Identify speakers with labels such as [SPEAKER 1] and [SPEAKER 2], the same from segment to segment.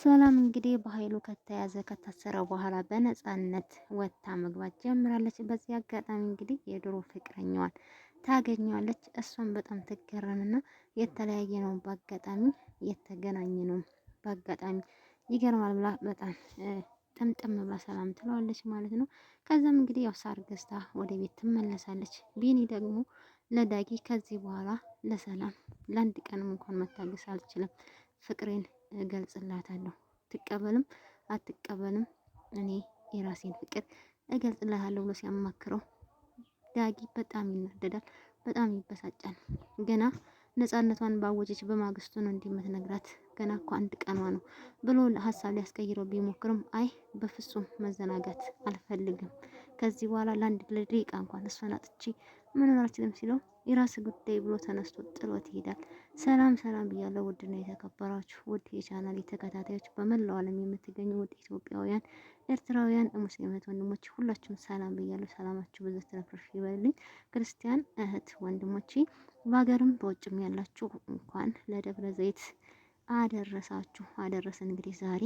[SPEAKER 1] ሰላም እንግዲህ በኃይሉ ከተያዘ ከታሰረ በኋላ በነፃነት ወጥታ መግባት ጀምራለች። በዚህ አጋጣሚ እንግዲህ የድሮ ፍቅረኛዋን ታገኘዋለች። እሷን በጣም ትገረምና የተለያየ ነው በአጋጣሚ የተገናኘ ነው በአጋጣሚ ይገርማል ብላ በጣም ጥምጥም ብላ ሰላም ትለዋለች ማለት ነው። ከዛም እንግዲህ ያው ሳር ገዝታ ወደ ቤት ትመለሳለች። ቢኒ ደግሞ ለዳጊ ከዚህ በኋላ ለሰላም ለአንድ ቀንም እንኳን መታገስ አልችልም ፍቅሬን እገልጽላታለሁ። ትቀበልም አትቀበልም እኔ የራሴን ፍቅር እገልጽላታለሁ ብሎ ሲያማክረው ዳጊ በጣም ይናደዳል፣ በጣም ይበሳጫል። ገና ነፃነቷን ባወጀች በማግስቱ ነው እንዲህ የምትነግራት ገና እኮ አንድ ቀኗ ነው ብሎ ሀሳብ ሊያስቀይረው ቢሞክርም አይ በፍጹም መዘናጋት አልፈልግም፣ ከዚህ በኋላ ለአንድ ለደቂቃ እንኳን እሷን አጥቼ መኖር አልችልም ሲለው የራስ ጉዳይ ብሎ ተነስቶ ጥሎት ይሄዳል። ሰላም ሰላም ብያለሁ። ውድና የተከበራችሁ ውድ የቻናል ተከታታዮች በመላው ዓለም የምትገኙ ውድ ኢትዮጵያውያን፣ ኤርትራውያን፣ ሙስሊሞች ወንድሞች ሁላችሁም ሰላም ብያለሁ። ሰላማችሁ ብዙ ትረፍርፍ ይበልልኝ። ክርስቲያን እህት ወንድሞቼ በሀገርም በውጭም ያላችሁ እንኳን ለደብረ ዘይት አደረሳችሁ አደረሰን። እንግዲህ ዛሬ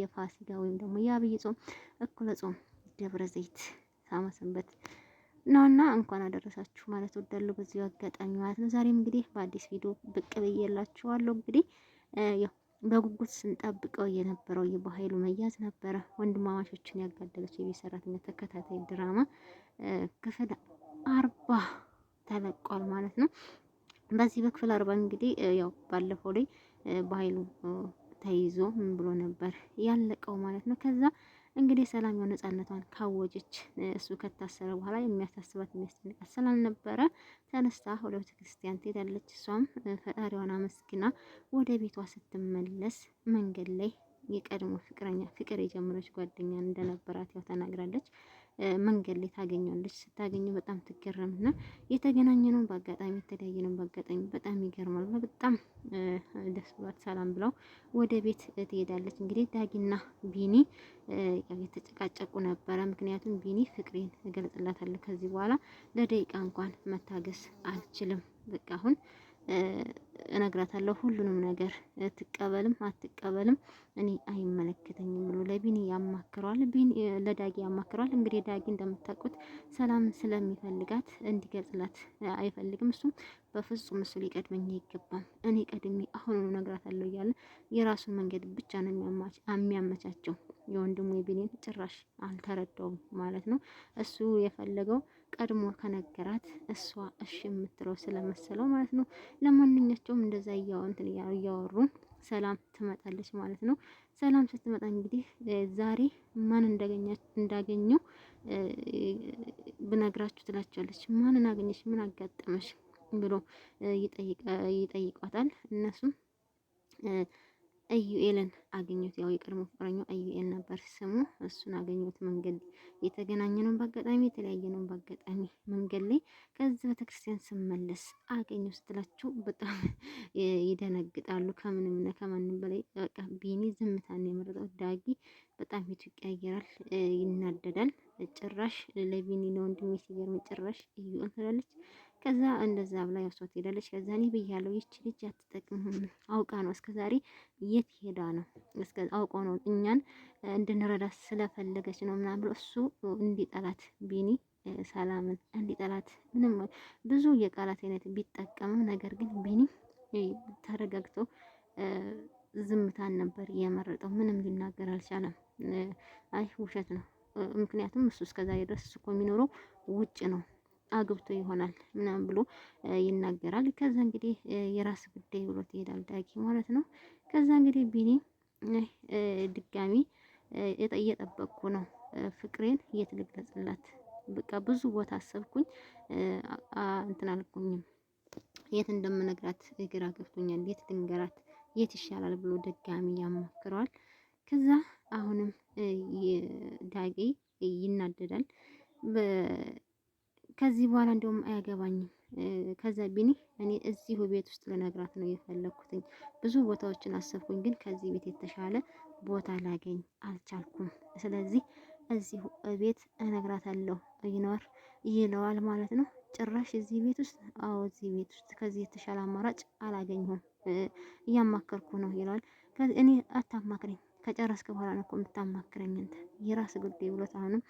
[SPEAKER 1] የፋሲካ ወይም ደግሞ የአብይ ጾም እኩለ ጾም ደብረ ዘይት ሳመሰንበት ነውና እንኳን አደረሳችሁ ማለት ወዳለሁ በዚሁ አጋጣሚ ማለት ነው። ዛሬም እንግዲህ በአዲስ ቪዲዮ ብቅ ብዬላችኋለሁ። እንግዲህ በጉጉት ስንጠብቀው የነበረው የበኃይሉ መያዝ ነበረ። ወንድማማቾችን ያጋደለች የቤት ሰራተኛ ተከታታይ ድራማ ክፍል አርባ ተለቋል ማለት ነው። በዚህ በክፍል አርባ እንግዲህ ያው ባለፈው ላይ በኃይሉ ተይዞ ምን ብሎ ነበር ያለቀው ማለት ነው ከዛ እንግዲህ ሰላም ያው ነጻነቷን ካወጀች እሱ ከታሰረ በኋላ የሚያሳስባት የሚያስጨንቃት ስላልነበረ ተነስታ ወደ ቤተ ክርስቲያን ትሄዳለች። እሷም ፈጣሪዋን አመስግና ወደ ቤቷ ስትመለስ መንገድ ላይ የቀድሞ ፍቅረኛ ፍቅር የጀመረች ጓደኛ እንደነበራት ያው ተናግራለች። መንገድ ላይ ታገኘዋለች። ስታገኘው በጣም እና የተገናኘ ነው በአጋጣሚ የተለያየ ነው በአጋጣሚ በጣም ይገርማል። በጣም ደስ ብሏት ሰላም ብለው ወደ ቤት ትሄዳለች። እንግዲህ ዳጊና ቢኒ የተጨቃጨቁ ነበረ። ምክንያቱም ቢኒ ፍቅሬን እገልጽላታለሁ ከዚህ በኋላ ለደቂቃ እንኳን መታገስ አልችልም፣ በቃ አሁን እነግራታለሁ ሁሉንም ነገር ትቀበልም አትቀበልም እኔ አይመለከተኝም ብሎ ለቢኒ ያማክረዋል። ቢኒ ለዳጊ ያማክረዋል። እንግዲህ ዳጊ እንደምታውቁት ሰላም ስለሚፈልጋት እንዲገልጽላት አይፈልግም። እሱም በፍጹም እሱ ሊቀድመኝ አይገባም፣ እኔ ቀድሜ አሁኑኑ እነግራታለሁ እያለ የራሱን መንገድ ብቻ ነው የሚያመቻቸው። የወንድሙ የቢኒን ጭራሽ አልተረዳውም ማለት ነው። እሱ የፈለገው ቀድሞ ከነገራት እሷ እሺ የምትለው ስለመሰለው ማለት ነው ለማንኛቸው ሁላቸውም እንደዛ እያወንትን እያወሩ ሰላም ትመጣለች ማለት ነው። ሰላም ስትመጣ እንግዲህ ዛሬ ማን እንዳገኘው ብነግራችሁ ትላቸዋለች። ማንን አገኘሽ? ምን አጋጠመች? ብሎ ይጠይቋታል እነሱም እዩኤልን አገኘት ያው የቀድሞ ፍቅረኛው እዩኤል ነበር ስሙ። እሱን አገኘት መንገድ የተገናኘ ነው በአጋጣሚ የተለያየ ነው በአጋጣሚ መንገድ ላይ ከዚህ ቤተክርስቲያን ስመለስ አገኘው ስትላቸው በጣም ይደነግጣሉ። ከምንም እና ከማንም በላይ በቃ ቢኒ ዝምታን የመረጠው ዳጊ በጣም ፊቱ ይቀያየራል፣ ይናደዳል። ጭራሽ ለቢኒ ነው ሲገርም ጭራሽ ኢዩኤል ትላለች። ከዛ እንደዛ ብላ ያሷት ሄዳለች። ከዛ እኔ ብያለሁ ይቺ ልጅ አትጠቅምም፣ አውቃ ነው ዛሬ የት ሄዳ ነው አውቀው ነው እኛን እንድንረዳ ስለፈለገች ነው ምናምን ብሎ እሱ እንዲጠላት ቢኒ ሰላምን እንዲጠላት ምንም ብዙ የቃላት አይነት ቢጠቀምም ነገር ግን ቢኒ ተረጋግቶ ዝምታን ነበር የመረጠው። ምንም ሊናገር አልቻለም። አይ ውሸት ነው። ምክንያቱም እሱ እስከዛሬ ድረስ እሱ እኮ የሚኖረው ውጭ ነው አግብቶ ይሆናል ምናምን ብሎ ይናገራል። ከዛ እንግዲህ የራስ ጉዳይ ብሎት ይሄዳል ዳጊ ማለት ነው። ከዛ እንግዲህ ቢኒ ድጋሚ እየጠበቅኩ ነው ፍቅሬን የት በቃ ብዙ ቦታ አሰብኩኝ፣ እንትን አልኩኝም። የት እንደምነግራት ግራ ገብቶኛል። የት ልንገራት? የት ይሻላል ብሎ ድጋሚ ያሞክረዋል። ከዛ አሁንም ዳጊ ይናደዳል። ከዚህ በኋላ እንደውም አያገባኝም። ከዛ ቢኒ እኔ እዚሁ ቤት ውስጥ ልነግራት ነው የፈለግኩትኝ። ብዙ ቦታዎችን አሰብኩኝ፣ ግን ከዚህ ቤት የተሻለ ቦታ ላገኝ አልቻልኩም። ስለዚህ እዚሁ ቤት እነግራታለሁ ይኖር ይለዋል ማለት ነው። ጭራሽ እዚህ ቤት ውስጥ አዎ፣ እዚህ ቤት ውስጥ ከዚህ የተሻለ አማራጭ አላገኘሁም፣ እያማከርኩ ነው ይለዋል። እኔ አታማክረኝ፣ ከጨረስክ በኋላ ነው እኮ የምታማክረኝ አንተ፣ የራስ ጉዳይ ብሎት አሁንም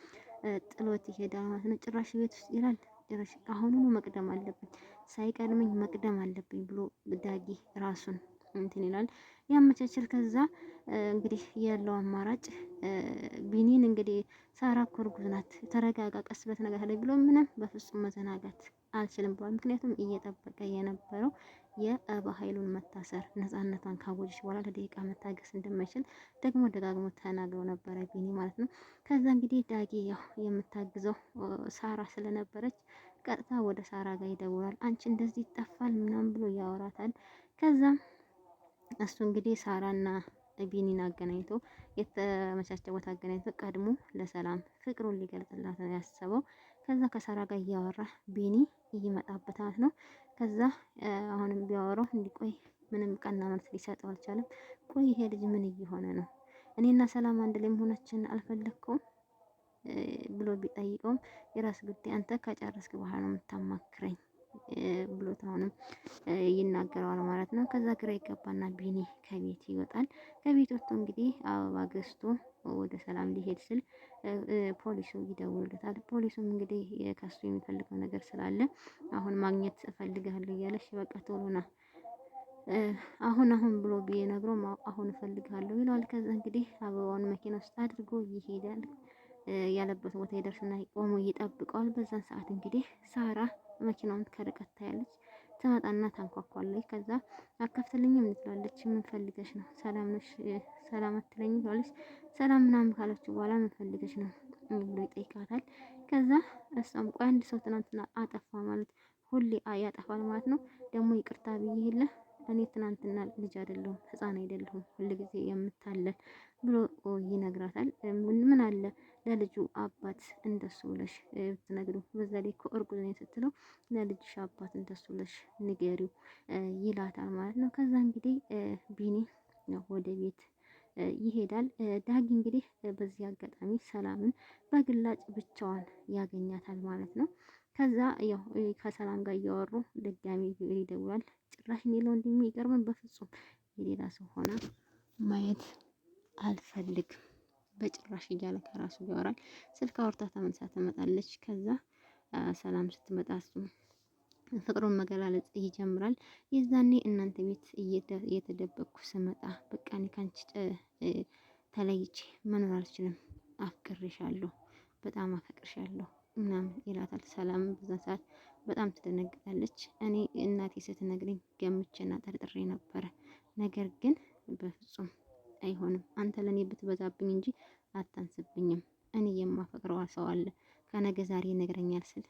[SPEAKER 1] ጥሎት ይሄዳል ማለት ነው። ጭራሽ ቤት ውስጥ ይላል ጭራሽ አሁኑኑ መቅደም አለብኝ ሳይቀድመኝ መቅደም አለብኝ ብሎ ዳጊ ራሱን እንትን ይላል ያመቻችል። ከዛ እንግዲህ ያለው አማራጭ ቢኒን እንግዲህ ሳራ እኮ እርጉዝ ናት፣ ተረጋጋ፣ ቀስ በት ነገር ብሎ ምንም በፍጹም መዘናጋት አልችልም ብሏል። ምክንያቱም እየጠበቀ የነበረው የአበባ ኃይሉን መታሰር ነፃነቷን ካወጀች በኋላ ለደቂቃ መታገስ እንደማይችል ደግሞ ደጋግሞ ተናግሮ ነበረ ቢኒ ማለት ነው። ከዛ እንግዲህ ዳጊ ያው የምታግዘው ሳራ ስለነበረች ቀጥታ ወደ ሳራ ጋር ይደውላል። አንቺ እንደዚህ ይጠፋል ምናምን ብሎ ያወራታል። ከዛም እሱ እንግዲህ ሳራና ቢኒን አገናኝቶ የተመቻቸ ቦታ አገናኝቶ ቀድሞ ለሰላም ፍቅሩን ሊገልጽላት ነው ያሰበው። ከዛ ከሳራ ጋር እያወራ ቢኒ ይመጣበታል ነው ከዛ አሁንም ቢያወራው እንዲቆይ ምንም ቀና መልስ ሊሰጠው አልቻለም። ቆይ ይሄ ልጅ ምን እየሆነ ነው? እኔና ሰላም አንድ ላይ መሆናችን አልፈለግኩም ብሎ ቢጠይቀውም የራስ ጉዳይ፣ አንተ ከጨረስክ በኋላ ነው የምታማክረኝ ብሎት አሁንም ይናገረዋል ማለት ነው። ከዛ ግራ ይገባና ቢኒ ከቤት ይወጣል። ከቤት ወጥቶ እንግዲህ አበባ ገዝቶ ወደ ሰላም ሊሄድ ስል ፖሊሱ ይደውልለታል። ፖሊሱም እንግዲህ ከሱ የሚፈልገው ነገር ስላለ አሁን ማግኘት እፈልግሃለሁ እያለሽ በቃ ቶሎ ና አሁን አሁን ብሎ ነግሮም አሁን እፈልግሃለሁ ይለዋል። ከዛ እንግዲህ አበባውን መኪና ውስጥ አድርጎ ይሄዳል። ያለበት ቦታ ይደርስና ቆሞ ይጠብቀዋል። በዛን ሰዓት እንግዲህ ሳራ መኪናውን ከርቀት ታያለች። ትመጣና ታንኳኳለች። ከዛ አከፍትልኝም ትላለች። ምን ፈልገሽ ነው? ሰላም ነሽ? ሰላም ሰላም ምናምን ካለችው በኋላ ምን ፈልገሽ ነው ብሎ ይጠይቃታል። ከዛ እሷም ቆይ አንድ ሰው ትናንትና አጠፋ ማለት ሁሌ ያጠፋል ማለት ነው ደግሞ ይቅርታ ብዬ የለ እኔ ትናንትና ልጅ አይደለሁም ህፃን አይደለሁም ሁልጊዜ የምታለል ብሎ ይነግራታል። ምን አለ ለልጁ አባት እንደሱ ብለሽ ብትነግሪው፣ በዛ ላይ እኮ እርጉዝ ነኝ ስትለው ለልጅሽ አባት እንደሱ ብለሽ ንገሪው ይላታል ማለት ነው። ከዛ እንግዲህ ቢኒ ወደ ቤት ይሄዳል። ዳጊ እንግዲህ በዚህ አጋጣሚ ሰላምን በግላጭ ብቻዋን ያገኛታል ማለት ነው። ከዛ ያው ከሰላም ጋር እያወሩ ድጋሚ ይደውላል። ጭራሽ እኔ ለወንድሜ የሚቀርብን በፍጹም የሌላ ሰው ሆነ ማየት አልፈልግም በጭራሽ እያለ ከራሱ ያወራል። ስልክ አውርታ ተመልሳ ትመጣለች። ከዛ ሰላም ስትመጣ እሱም ፍቅሩን መገላለጽ ይጀምራል። የዛኔ እናንተ ቤት እየተደበቅኩ ስመጣ በቃ እኔ ካንቺ ተለይቼ መኖር አልችልም፣ አፍቅሬሻለሁ፣ በጣም አፈቅርሻለሁ ምናምን ይላታል። ሰላም በዛ ሰዓት በጣም ትደነግጣለች። እኔ እናቴ ስትነግረኝ ገምቼና ጠርጥሬ ነበረ፣ ነገር ግን በፍጹም አይሆንም። አንተ ለእኔ ብትበዛብኝ እንጂ አታንስብኝም። እኔ የማፈቅረው ሰው አለ ከነገ ዛሬ ይነግረኛል ስል